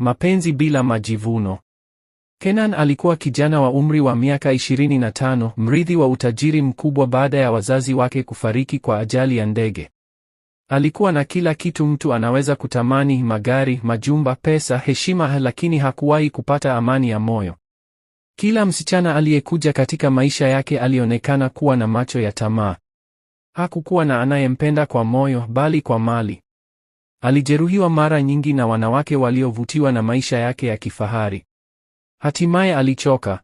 Mapenzi bila majivuno. Kenan alikuwa kijana wa umri wa miaka 25, mrithi wa utajiri mkubwa baada ya wazazi wake kufariki kwa ajali ya ndege. Alikuwa na kila kitu mtu anaweza kutamani: magari, majumba, pesa, heshima, lakini hakuwahi kupata amani ya moyo. Kila msichana aliyekuja katika maisha yake alionekana kuwa na macho ya tamaa. Hakukuwa na anayempenda kwa moyo, bali kwa mali. Alijeruhiwa mara nyingi na wanawake waliovutiwa na maisha yake ya kifahari. Hatimaye alichoka.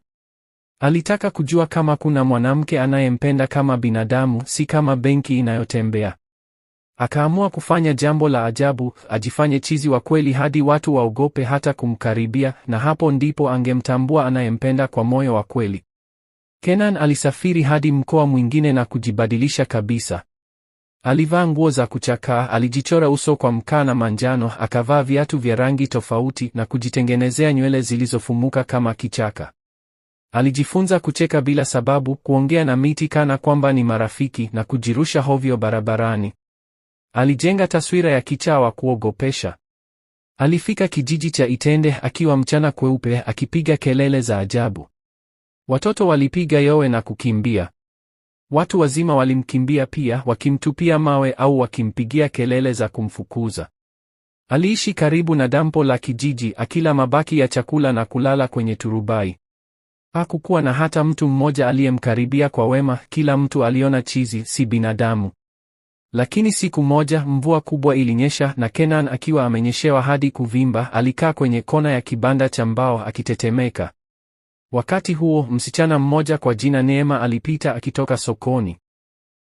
Alitaka kujua kama kuna mwanamke anayempenda kama binadamu, si kama benki inayotembea. Akaamua kufanya jambo la ajabu, ajifanye chizi wa kweli hadi watu waogope hata kumkaribia, na hapo ndipo angemtambua anayempenda kwa moyo wa kweli. Kenan alisafiri hadi mkoa mwingine na kujibadilisha kabisa. Alivaa nguo za kuchakaa, alijichora uso kwa mkaa na manjano, akavaa viatu vya rangi tofauti na kujitengenezea nywele zilizofumuka kama kichaka. Alijifunza kucheka bila sababu, kuongea na miti kana kwamba ni marafiki na kujirusha hovyo barabarani. Alijenga taswira ya kichaa wa kuogopesha. Alifika kijiji cha Itende akiwa mchana kweupe, akipiga kelele za ajabu. Watoto walipiga yowe na kukimbia. Watu wazima walimkimbia pia, wakimtupia mawe au wakimpigia kelele za kumfukuza. Aliishi karibu na dampo la kijiji akila mabaki ya chakula na kulala kwenye turubai. Hakukuwa na hata mtu mmoja aliyemkaribia kwa wema, kila mtu aliona chizi si binadamu. Lakini siku moja mvua kubwa ilinyesha na Kenan akiwa amenyeshewa hadi kuvimba, alikaa kwenye kona ya kibanda cha mbao akitetemeka. Wakati huo msichana mmoja kwa jina Neema alipita akitoka sokoni.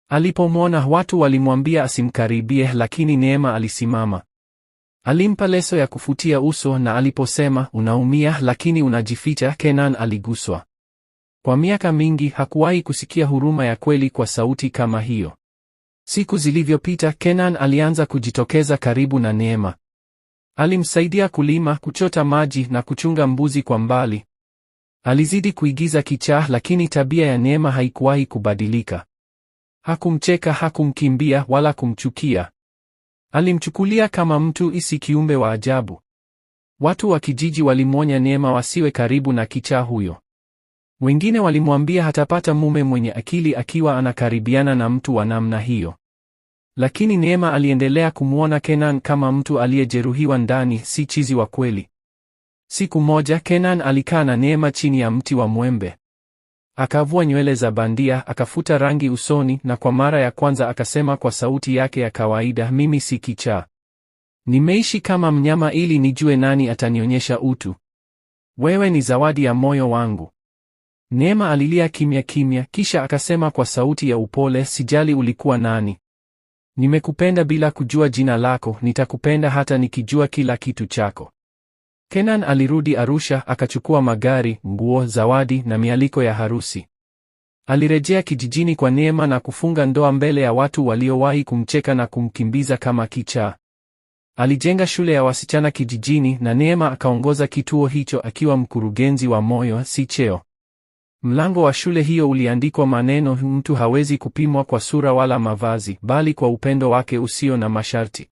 Alipomwona watu walimwambia asimkaribie, lakini Neema alisimama. Alimpa leso ya kufutia uso na aliposema unaumia, lakini unajificha, Kenan aliguswa. Kwa miaka mingi hakuwahi kusikia huruma ya kweli kwa sauti kama hiyo. Siku zilivyopita, Kenan alianza kujitokeza karibu na Neema. Alimsaidia kulima, kuchota maji na kuchunga mbuzi kwa mbali. Alizidi kuigiza kichaa, lakini tabia ya Neema haikuwahi kubadilika. Hakumcheka, hakumkimbia wala kumchukia. Alimchukulia kama mtu, isi kiumbe wa ajabu. Watu wa kijiji walimwonya Neema wasiwe karibu na kichaa huyo. Wengine walimwambia hatapata mume mwenye akili akiwa anakaribiana na mtu wa namna hiyo. Lakini Neema aliendelea kumwona Kenan kama mtu aliyejeruhiwa ndani, si chizi wa kweli. Siku moja Kenan alikaa na Neema chini ya mti wa mwembe. Akavua nywele za bandia, akafuta rangi usoni, na kwa mara ya kwanza akasema kwa sauti yake ya kawaida, mimi si kichaa. Nimeishi kama mnyama ili nijue nani atanionyesha utu. Wewe ni zawadi ya moyo wangu. Neema alilia kimya kimya, kisha akasema kwa sauti ya upole, sijali ulikuwa nani. Nimekupenda bila kujua jina lako, nitakupenda hata nikijua kila kitu chako. Kenan alirudi Arusha akachukua magari, nguo, zawadi na mialiko ya harusi. Alirejea kijijini kwa neema na kufunga ndoa mbele ya watu waliowahi kumcheka na kumkimbiza kama kichaa. Alijenga shule ya wasichana kijijini na Neema akaongoza kituo hicho akiwa mkurugenzi wa moyo, si cheo. Mlango wa shule hiyo uliandikwa maneno, mtu hawezi kupimwa kwa sura wala mavazi, bali kwa upendo wake usio na masharti.